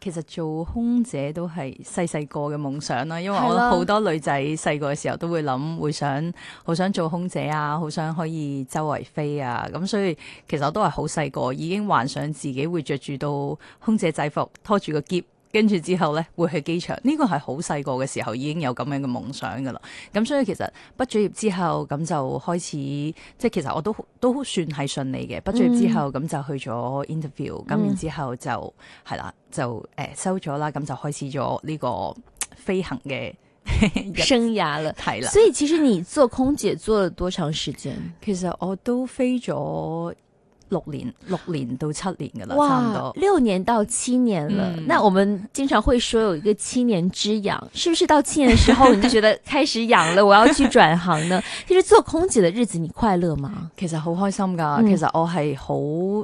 其實做空姐都係細細個嘅夢想啦，因為我好多女仔細個嘅時候都會諗，會想好想做空姐啊，好想可以周圍飛啊，咁所以其實我都係好細個已經幻想自己會着住套空姐制服，拖住個喼。跟住之後呢，會去機場。呢、呢個係好細個嘅時候已經有咁樣嘅夢想噶啦。咁、嗯、所以其實畢咗業之後，咁就開始，即係其實我都都算係順利嘅。畢咗業之後，咁就去咗 interview，咁然後之後就係啦、嗯，就誒、呃、收咗啦，咁就開始咗呢個飛行嘅生涯啦。係啦 了，所以其實你做空姐做咗多長時間？其實我都飛咗。六年，六年到七年噶啦，哇差唔多六年到七年喇。嗯、那我們經常會說有一個七年之癢，是不是到七年的時候 你就覺得開始癢了，我要去轉行呢？ 其實做空姐的日子你快樂嗎？其實好開心噶，嗯、其實我係好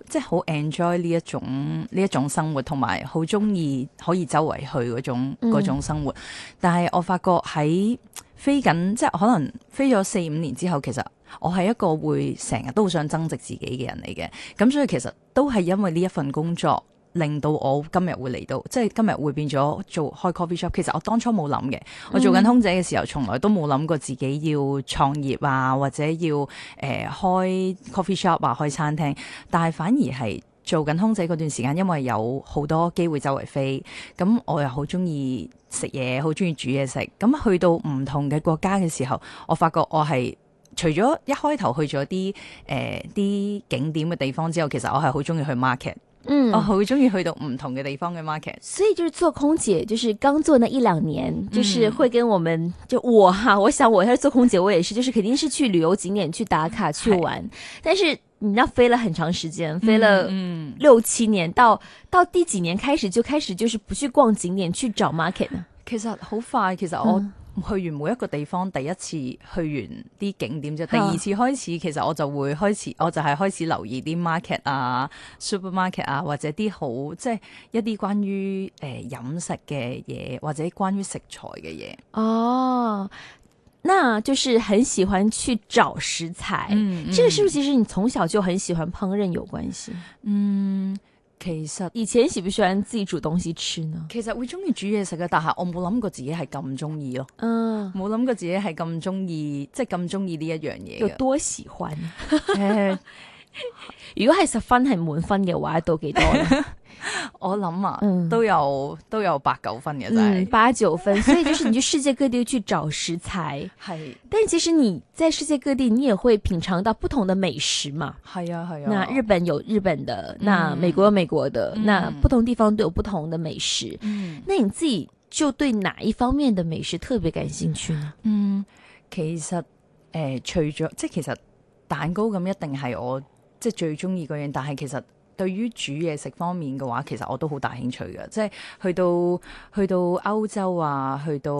即係好 enjoy 呢一種呢一種生活，同埋好中意可以周圍去嗰種、嗯、種生活。但係我發覺喺飛緊即係可能飛咗四五年之後，其實我係一個會成日都好想增值自己嘅人嚟嘅。咁所以其實都係因為呢一份工作，令到我今日會嚟到，即係今日會變咗做開 coffee shop。其實我當初冇諗嘅，我做緊空姐嘅時候，從來都冇諗過自己要創業啊，或者要誒、呃、開 coffee shop 啊開餐廳，但係反而係。做緊空姐嗰段時間，因為有好多機會周圍飛，咁我又好中意食嘢，好中意煮嘢食。咁去到唔同嘅國家嘅時候，我發覺我係除咗一開頭去咗啲誒啲景點嘅地方之後，其實我係好中意去 market。嗯，oh, 我好中意去到唔同嘅地方嘅 market，所以就是做空姐，就是剛做那一兩年，就是會跟我們，嗯、就我哈，我想我要係做空姐，我也是，就是肯定是去旅遊景點去打卡去玩，是但是你知啦，飛了很長時間，嗯、飛了嗯六七年，到到第幾年開始就開始就是不去逛景點，去找 market，呢？其實好快，其實我、嗯。去完每一個地方，第一次去完啲景點啫，第二次開始其實我就會開始，我就係開始留意啲 market 啊、supermarket 啊，或者啲好即係、就是、一啲關於誒飲食嘅嘢，或者關於食材嘅嘢。哦，那就是很喜歡去找食材。嗯，嗯，這個是不是其實你從小就很喜歡烹飪有關係？嗯。其實，而且時不想自己做東西串啊。其實會中意煮嘢食嘅，但係我冇諗過自己係咁中意咯。嗯、啊，冇諗過自己係咁中意，即係咁中意呢一樣嘢。多一十 如果係十分係滿分嘅話，到幾多？ 我諗啊，都有、嗯、都有八九分嘅，真係八九分， 所以就是你去世界各地去找食材係， 是但係其實你在世界各地你也會品嘗到不同的美食嘛，係啊係啊。啊那日本有日本的，嗯、那美國有美國的，嗯、那不同地方都有不同的美食。嗯，那你自己就對哪一方面的美食特別感興趣呢？嗯，嗯，其實誒，除、呃、咗即係其實蛋糕咁一定係我即係最中意嗰樣，但係其實。對於煮嘢食方面嘅話，其實我都好大興趣嘅，即係去到去到歐洲啊，去到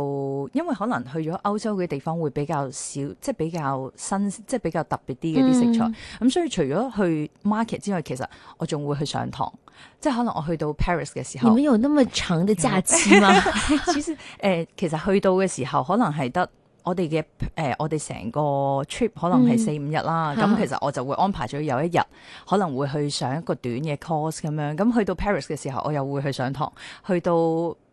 因為可能去咗歐洲嘅地方會比較少，即係比較新，即係比較特別啲嘅啲食材。咁、嗯嗯、所以除咗去 market 之外，其實我仲會去上堂，即係可能我去到 Paris 嘅時候，你有那麼長的假期嗎？其實 其實去到嘅時候，可能係得。我哋嘅誒，我哋成個 trip 可能係四五日啦，咁、嗯、其實我就會安排咗有一日可能會去上一個短嘅 course 咁樣，咁去到 Paris 嘅時候，我又會去上堂，去到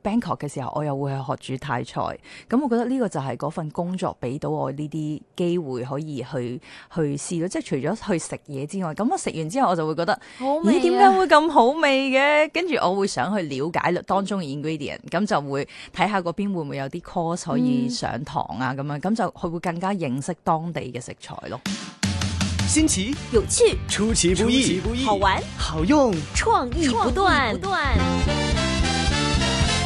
Bangkok 嘅時候，我又會去學煮泰菜，咁我覺得呢個就係嗰份工作俾到我呢啲機會，可以去去試咯。即係除咗去食嘢之外，咁我食完之後我就會覺得，你點解會咁好味嘅？跟住我會想去了解當中嘅 ingredient，咁就會睇下嗰邊會唔會有啲 course 可以上堂啊咁樣，咁就佢會更加認識當地嘅食材咯。新奇有趣，出其不意，不不好玩，好用，創意不斷。.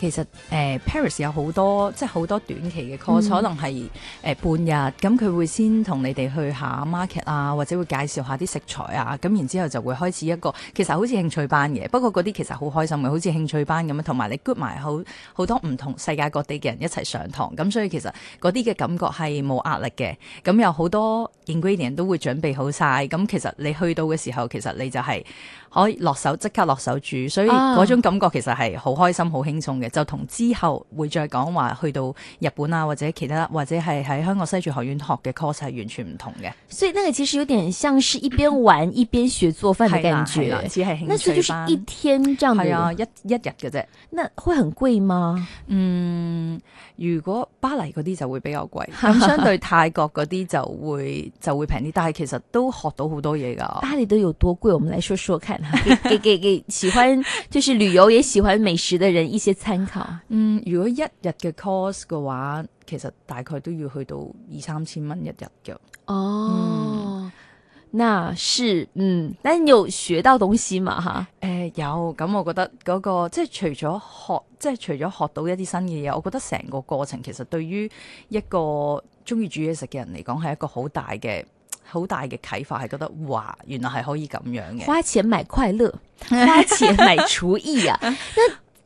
其實誒、呃、Paris 有好多即係好多短期嘅 course，嗯、可能係誒、呃、半日，咁佢會先同你哋去下 market 啊，或者會介紹下啲食材啊，咁然之後就會開始一個其實好似興趣班嘅，不過啲其實好開心嘅，好似興趣班咁樣，同埋你 good 埋好好多唔同世界各地嘅人一齊上堂，咁所以其實啲嘅感覺係冇壓力嘅，咁有好多 ingredient 都會準備好晒，咁其實你去到嘅時候，其實你就係可以落手即刻落手煮，所以種感覺其實係好開心、好輕鬆嘅。就同之後會再講話去到日本啊，或者其他或者係喺香港西廚學院學嘅 course 係完全唔同嘅。所以呢個其實有點像是一邊玩 一邊學做飯嘅感覺。啊啊、那次就是一天這樣嘅、啊，一一日嘅啫。那會很貴嗎？嗯，如果巴黎嗰啲就會比較貴，咁 相對泰國嗰啲就會就會平啲。但係其實都學到好多嘢㗎。巴黎都有多貴？我們來說說看、啊，給給給喜歡就是旅遊也喜歡美食的人一些餐。嗯，如果一日嘅 cost 嘅話，其實大概都要去到二三千蚊一日嘅。哦，嗯、那是嗯，但係你有學到東西嘛吓？誒、呃，有咁、嗯，我覺得嗰、那個即係除咗學，即係除咗學到一啲新嘅嘢，我覺得成個過程其實對於一個中意煮嘢食嘅人嚟講，係一個好大嘅好大嘅啟發，係覺得哇，原來係可以咁樣嘅。花錢買快樂，花錢買廚藝啊！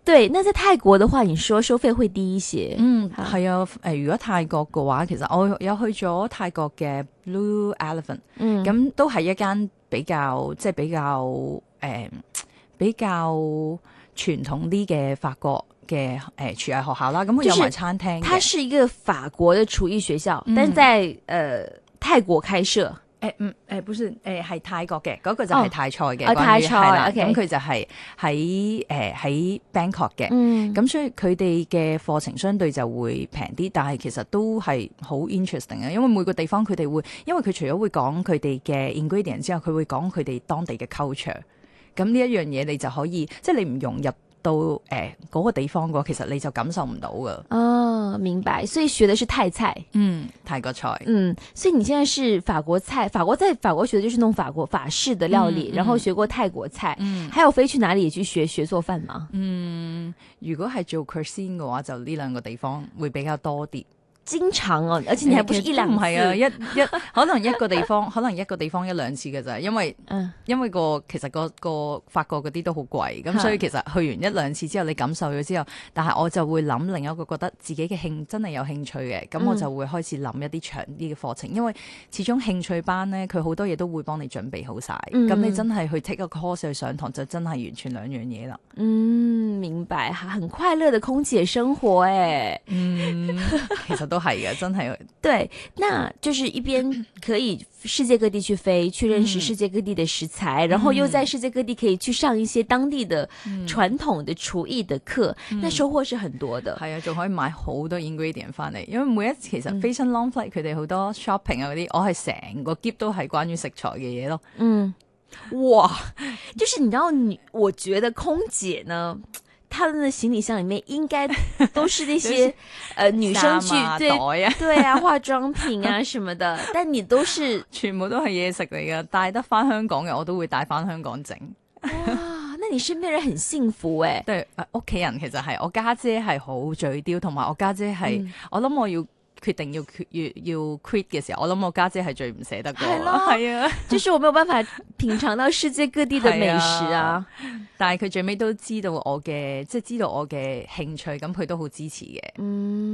對，那在泰國的話，你說收費會低一些。嗯，係好啊，誒、呃，如果泰國嘅話，其實我有去咗泰國嘅 Blue Elephant，咁、嗯、都係一間比較即係比較誒、呃、比較傳統啲嘅法國嘅誒、呃、廚藝學校啦。咁有埋餐廳，就是、它是一個法國嘅廚藝學校，嗯、但係在誒、呃、泰國開設。誒、欸、嗯誒、欸、不算誒係、欸、泰國嘅嗰、那個就係泰菜嘅，哦、泰菜咁佢就係喺誒喺 Bangkok 嘅，咁、嗯、所以佢哋嘅課程相對就會平啲，但係其實都係好 interesting 啊！因為每個地方佢哋會，因為佢除咗會講佢哋嘅 ingredient 之後，佢會講佢哋當地嘅 culture，咁呢一樣嘢你就可以，即係你唔融入，到誒嗰個地方嘅話，其實你就感受唔到㗎。哦，明白。所以學的是泰菜，嗯，泰國菜，嗯。所以你現在是法國菜，法國在法國學的就係弄法國法式的料理，嗯、然後學過泰國菜，嗯。還有飛去哪裡去學學做飯嘛？嗯，如果係做 cuisine 嘅話，就呢兩個地方會比較多啲。經常我、啊，而且你係唔係啊？一一,一可能一個地方， 可能一個地方一兩次嘅咋，因為、嗯、因為個其實個,個法國嗰啲都好貴，咁所以其實去完一兩次之後，你感受咗之後，但係我就會諗另一個覺得自己嘅興真係有興趣嘅，咁我就會開始諗一啲長啲嘅、嗯、課程，因為始終興趣班呢，佢好多嘢都會幫你準備好晒咁、嗯嗯、你真係去 take 個 course 去上堂就真係完全兩樣嘢啦。嗯，明白吓，很快樂的空姐生活誒。嗯。其實都。都係嘅，真係啊，對，那就是一邊可以世界各地去飛， 去認識世界各地的食材， 然後又在世界各地可以去上一些當地的傳統的廚藝的課， 那收穫是很多的。係啊、嗯，仲可以買好多 ingredient 翻嚟，因為每一次其實非常 long flight，佢哋好多 shopping 啊嗰啲，我係成個 gap 都係關於食材嘅嘢咯。嗯，哇，就是你知道你，你我覺得空姐呢？他們的行李箱裏面應該都是那些， 說呃、女生去嘛對袋啊 對啊，化妝品啊什麼的。但你都是全部都係嘢食嚟㗎，帶得翻香港嘅，我都會帶翻香港整。 哇，那你身邊人很幸福誒。對，呃、屋企人其實係我家姐係好嘴刁，同埋我家姐係、嗯、我諗我要。決定要決要要 quit 嘅時候，我諗我家姐係最唔捨得嘅。係咯，係 啊樂，即係我冇辦法品嚐到世界各地嘅美食啊！ 是啊，但係佢最尾都知道我嘅，即係知道我嘅興趣，咁佢都好支持嘅。嗯。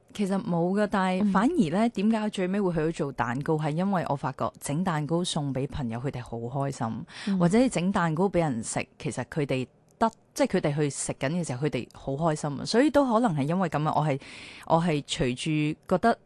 其實冇㗎，但係反而咧，點解最尾會去到做蛋糕？係因為我發覺整蛋糕送俾朋友，佢哋好開心；嗯、或者整蛋糕俾人食，其實佢哋得即係佢哋去食緊嘅時候，佢哋好開心。所以都可能係因為咁啊！我係我係隨住覺得。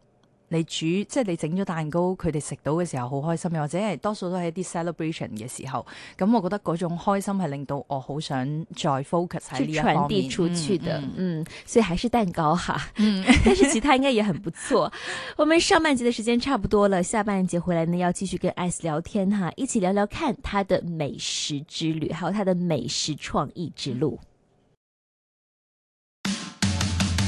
你煮即係你整咗蛋糕，佢哋食到嘅時候好開心，又或者係多數都係一啲 celebration 嘅時候，咁我覺得嗰種開心係令到我好想再 focus 去傳遞出去的，嗯，嗯，嗯，所以還是蛋糕哈，嗯， 但是其他應該也很不錯。 我們上半節嘅時間差不多了，下半節回來呢要繼續跟艾斯聊天哈，一起聊聊看他的美食之旅，還有他的美食創意之路。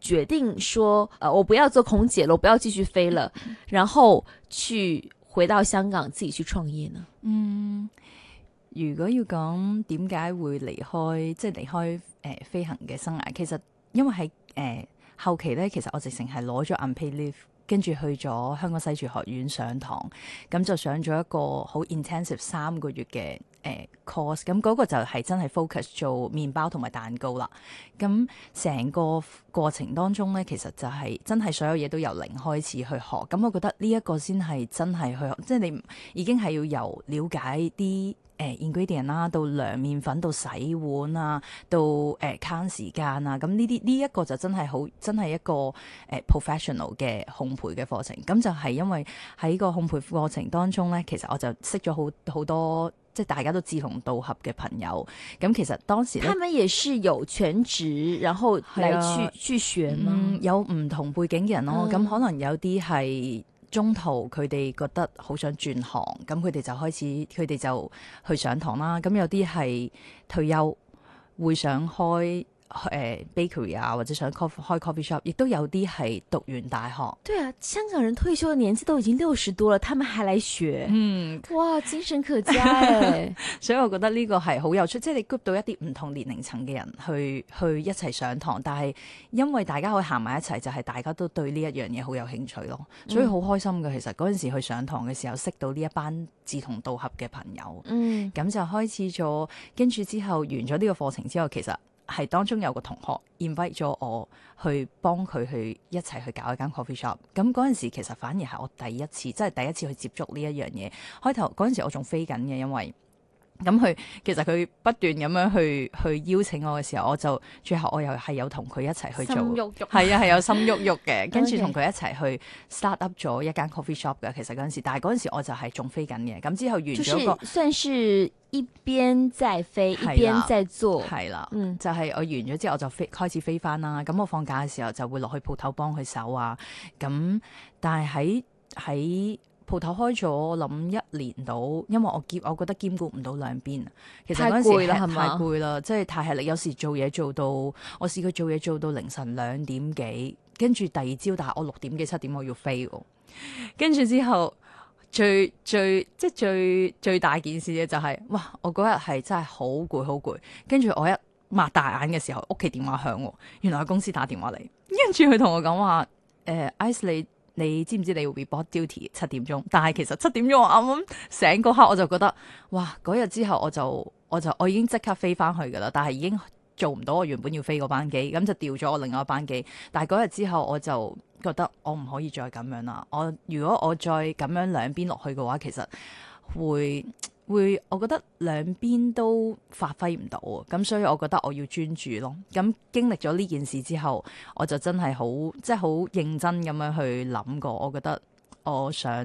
決定說，誒、呃，我不要做空姐咯，我不要繼續飛了，然後去回到香港自己去創業呢。嗯，如果要講點解會離開，即係離開誒、呃、飛行嘅生涯，其實因為喺誒、呃、後期咧，其實我直情係攞咗 unpaid leave，跟住去咗香港西廚學院上堂，咁就上咗一個好 intensive 三個月嘅。誒、uh, course 咁嗰個就係真係 focus 做麵包同埋蛋糕啦。咁成個過程當中咧，其實就係真係所有嘢都由零開始去學。咁我覺得呢一個先係真係去學，即係你已經係要由了解啲誒、uh, ingredient 啦，到涼麵粉，到洗碗啊，到誒、uh, count 時間啊。咁呢啲呢一個就真係好，真係一個誒 professional 嘅烘焙嘅課程。咁就係因為喺個烘焙過程當中咧，其實我就識咗好好多。即係大家都志同道合嘅朋友，咁其實當時，時，佢哋也是有全職，然後嚟去、啊、去選、啊嗯，有唔同背景嘅人咯、哦。咁、嗯、可能有啲係中途佢哋覺得好想轉行，咁佢哋就開始，佢哋就去上堂啦。咁有啲係退休，會想開。誒、uh，bakery 啊，或者想開 coffee shop，亦都有啲係讀完大學，對啊，香港人退休嘅年紀都已經六十多了，他們還嚟學。嗯，哇，精神可嘉， 所以我覺得呢個係好有趣。即係你 group 到一啲唔同年齡層嘅人去去一齊上堂。但係因為大家可以行埋一齊，就係、是、大家都對呢一樣嘢好有興趣咯，所以好開心嘅。嗯、其實嗰陣時去上堂嘅時候，識到呢一班志同道合嘅朋友。嗯，咁就開始咗。跟住之後完咗呢個課程之後，其實。係當中有個同學，invite 咗我去幫佢去一齊去搞一間 coffee shop。咁嗰陣時其實反而係我第一次，即係第一次去接觸呢一樣嘢。開頭嗰陣時我仲飛緊嘅，因為。咁佢其實佢不斷咁樣去去邀請我嘅時候，我就最後我又係有同佢一齊去做，係啊，係有心喐喐嘅， 跟住同佢一齊去 start up 咗一間 coffee shop 嘅。其實嗰陣時，但係嗰陣時我就係仲飛緊嘅。咁之後完咗個，是算是一邊在飛一邊在做，係啦。嗯，就係我完咗之後我就飛開始飛翻啦。咁我放假嘅時候就會落去鋪頭幫佢手啊。咁但係喺喺鋪頭開咗諗一年到，因為我兼我覺得兼顧唔到兩邊。其實嗰時係咪攰啦？即係太吃力。有時做嘢做到，我試過做嘢做到凌晨兩點幾，跟住第二朝，但係我六點幾七點我要飛喎。跟住之後，最最即係最最大件事嘅就係、是，哇！我嗰日係真係好攰好攰。跟住我一擘大眼嘅時候，屋企電話響，原來係公司打電話嚟，跟住佢同我講話，誒，Iceley 你知唔知你會被 b o duty 七點鐘？但係其實七點鐘我啱啱醒嗰刻我就覺得，哇！嗰日之後我就我就我已經即刻飛返去㗎喇。但係已經做唔到我原本要飛嗰班機，咁就掉咗我另外一班機。但係嗰日之後我就覺得我唔可以再咁樣啦。我如果我再咁樣兩邊落去嘅話，其實。會會，我覺得兩邊都發揮唔到，咁所以我覺得我要專注咯。咁經歷咗呢件事之後，我就真係好即係好認真咁樣去諗過。我覺得我想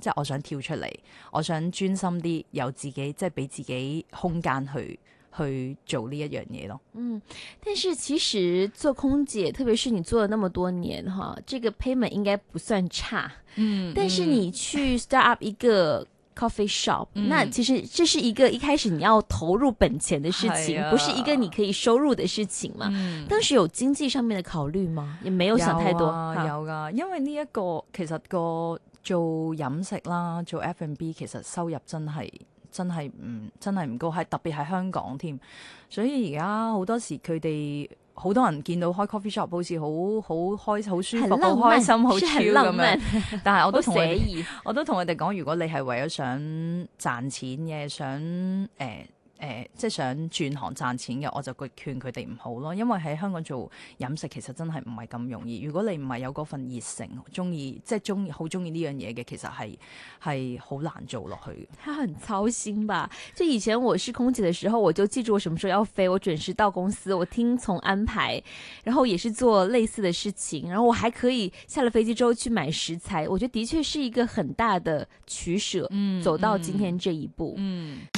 即係我想跳出嚟，我想專心啲，有自己即係俾自己空間去去做呢一樣嘢咯。嗯，但是其實做空姐，特別是你做了那麼多年哈，這個 payment 應該不算差。嗯，但是你去 start up 一個。Coffee shop，嗯、那其實這是一個一開始你要投入本錢的事情，是啊，不是一個你可以收入的事情嘛。嗯，當時有經濟上面的考慮嗎？也沒有想太多。有噶，啊好，因為呢，這，一個其實個做飲食啦，做 F&B，其實收入真係真係唔真係唔高，係特別係香港添。所以而家好多時佢哋。好多人見到開 coffee shop 好似好好開，好舒服，好開心，好 chill 咁樣，但係我都同 意， 我都同佢哋講，如果你係為咗想賺錢嘅，想誒。欸呃、即係想轉行賺錢嘅，我就去勸佢哋唔好咯。因為喺香港做飲食其實真係唔係咁容易。如果你唔係有嗰份熱誠，鍾意即係鍾意好鍾意呢樣嘢嘅，其實係係好難做落去。他很操心吧？就以前我是空姐嘅時候，我就記住我什麼時候要飛，我準時到公司，我聽從安排。然後也是做類似嘅事情。然後我還可以下了飛機之後去買食材。我覺得的確是一個很大的取捨。嗯、走到今天這一步。嗯。嗯。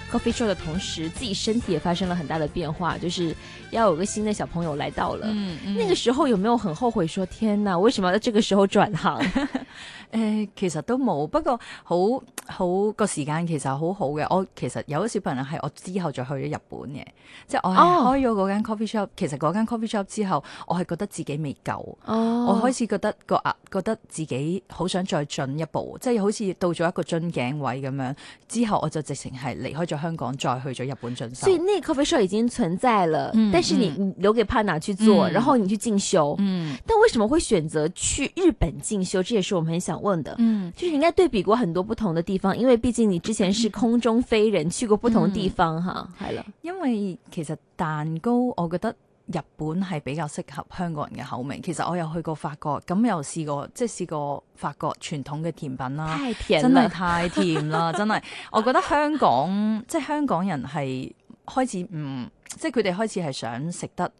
coffee shop 的同時，自己身體也發生了很大的變化，就是要有個新的小朋友來到了。嗯，嗯。那個時候有沒有很後悔說，說天呐，為什麼在這個時候轉行？誒、 呃，其實都冇，不過好好，好個時間其實好好嘅。我其實有個小朋友係我之後再去咗日本嘅，即係我開咗間 coffee shop。哦、其實嗰間 coffee shop 之後，我係覺得自己未夠，哦、我開始覺得個壓，覺得自己好想再進一步，即係好似到咗一個樽頸位咁樣。之後我就直情係離開咗。香港再去咗日本進修，所以那個咖啡室已經存在了。嗯、但是你，你留給 partner 去做，嗯、然後你去進修。嗯、但為什麼會選擇去日本進修？這也是我們很想問的。嗯、就是應該對比過很多不同的地方，因為畢竟你之前是空中飛人，嗯、去過不同地方，嗯、哈，係啦。因為其實蛋糕，我覺得。日本係比較適合香港人嘅口味，其實我又去過法國，咁又試過即係試過法國傳統嘅甜品啦，太甜，真係太甜啦！真係， 我覺得香港即係香港人係開始唔、嗯、即係佢哋開始係想食得。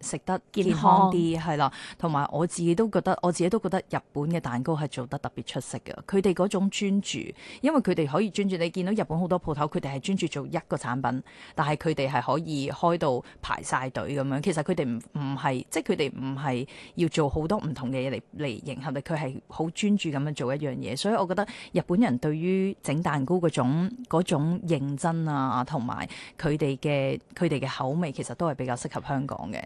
食得健康啲係啦，同埋健康，我自己都覺得，我自己都覺得日本嘅蛋糕係做得特別出色嘅。佢哋嗰種專注，因為佢哋可以專注。你見到日本好多鋪頭，佢哋係專注做一個產品，但係佢哋係可以開到排晒隊咁樣。其實佢哋唔、唔係，即係佢哋唔係要做好多唔同嘅嘢嚟、嚟迎合你，佢係好專注咁樣做一樣嘢。所以我覺得日本人對於整蛋糕嗰種、嗰種認真啊，同埋佢哋嘅佢哋嘅口味其實都係比較適合香港嘅。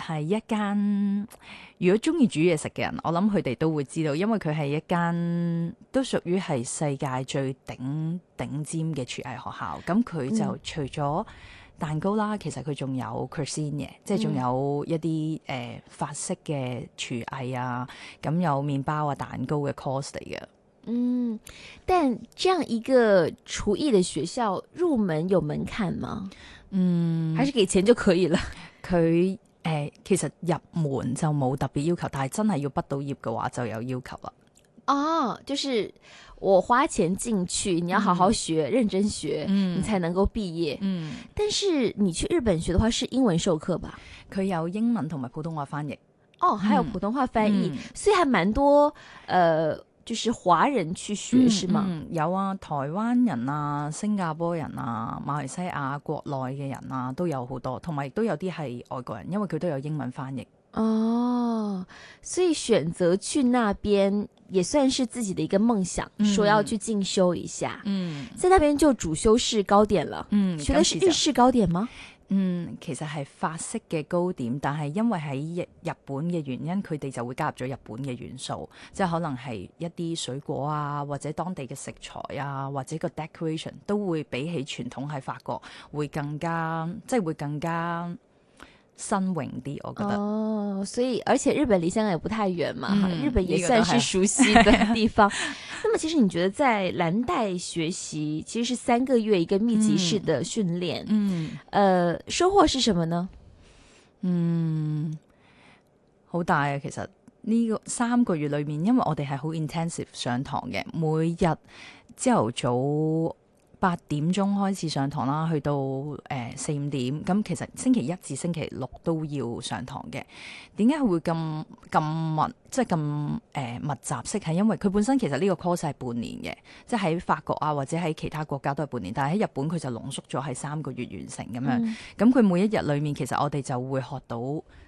係一間如果中意煮嘢食嘅人，我諗佢哋都會知道，因為佢係一間都屬於係世界最頂頂尖嘅廚藝學校。咁佢就除咗蛋糕啦，嗯、其實佢仲有 cuisine 嘅，即係仲有一啲誒、嗯呃、法式嘅廚藝啊。咁有麵包啊、蛋糕嘅 course 嚟嘅。嗯，但這樣一個廚藝嘅學校入門有門檻嗎？嗯，還是給錢就可以了？佢。 誒，其實入門就冇特別要求，但係真係要畢到業嘅話就有要求啦。哦、啊，就是我花錢進去，你要好好學，嗯、認真學，嗯、你才能夠畢業。嗯、但是你去日本學嘅話，是英文授課吧？佢有英文同埋普通話翻譯。哦，還有普通話翻譯，嗯、所以係蠻多。誒、呃。就是華人去學、嗯、是嘛嗎、嗯？有啊，台灣人啊、新加坡人啊、馬來西亞國內嘅人啊都有好多，同埋亦都有啲係外國人，因為佢都有英文翻譯。哦，所以選擇去那邊也算是自己的一個夢想，嗯、說要去進修一下。嗯，在那邊就主修是糕點了。嗯，學的是日式糕點嗎？嗯。嗯，其實係法式嘅糕點，但係因為喺日日本嘅原因，佢哋就會加入咗日本嘅元素，即係可能係一啲水果啊，或者當地嘅食材啊，或者個 decoration 都會比起傳統喺法國會更加，即係會更加新穎啲，我覺得哦，oh，所以而且日本離香港也不太遠嘛，嗯、日本也算是熟悉的地方。 那麼其實你覺得在藍帶學習，其實是三個月一個密集式的訓練，嗯，嗯、呃，收穫是什麼呢？嗯，好大啊！其實呢、這個三個月裏面，因為我哋係好 intensive 上堂嘅，每日朝頭早八點鐘開始上堂啦，去到誒。呃四五點咁，4，其實星期一至星期六都要上堂嘅。點解會咁咁密？即係咁誒密集式係因為佢本身其實呢個 course 係半年嘅，即係喺法國啊或者喺其他國家都係半年，但係喺日本佢就濃縮咗係三個月完成咁樣。咁佢、嗯、每一日裡面其實我哋就會學到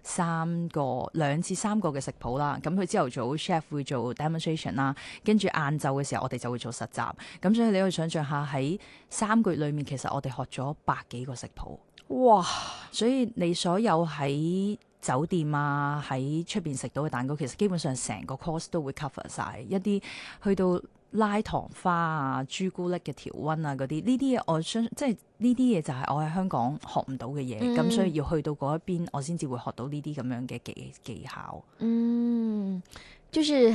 三個兩至三個嘅食譜啦。咁佢朝頭早 chef 會做 demonstration 啦，跟住晏晝嘅時候我哋就會做實習。咁所以你可以想像下喺三個月裡面，其實我哋學咗百幾個食譜。鋪哇，所以你所有喺酒店啊，喺出邊食到嘅蛋糕，其實基本上成個 course 都會 cover 晒一啲，去到拉糖花啊、朱古力嘅調溫啊嗰啲，呢啲嘢，我相信即係呢啲嘢就係我喺香港學唔到嘅嘢。咁、嗯、所以要去到嗰一邊，我先至會學到呢啲咁樣嘅技技巧。嗯，就是。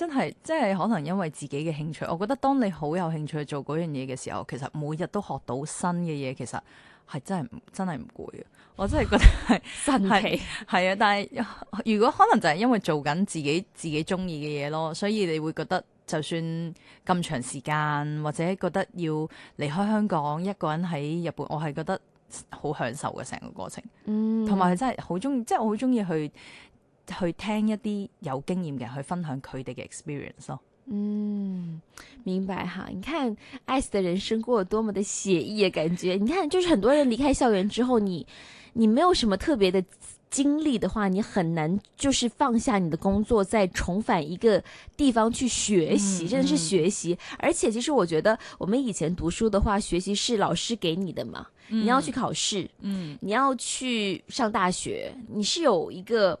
真係，即係可能因為自己嘅興趣。我覺得當你好有興趣做嗰樣嘢嘅時候，其實每日都學到新嘅嘢，其實係真係真係唔攰。我真係覺得係、哦、神奇，係啊！ 但係如果可能就係因為做緊自己自己中意嘅嘢咯，所以你會覺得就算咁長時間，或者覺得要離開香港一個人喺日本，我係覺得好享受嘅成個過程。同埋、嗯、真係好中意，即係我好中意去。去聽一啲有經驗嘅去分享佢哋嘅 experience 咯、哦。嗯，明白哈。你看 Ice 的人生過多麼的寫意嘅感覺。 你看，就是很多人離開校園之後，你你沒有什麼特別的經歷的話，你很難就是放下你的工作，再重返一個地方去學習，嗯、真係是學習。嗯、而且其實我覺得，我們以前讀書的話，學習是老師給你的嘛。嗯、你要去考試，嗯，你要去上大學，你是有一個。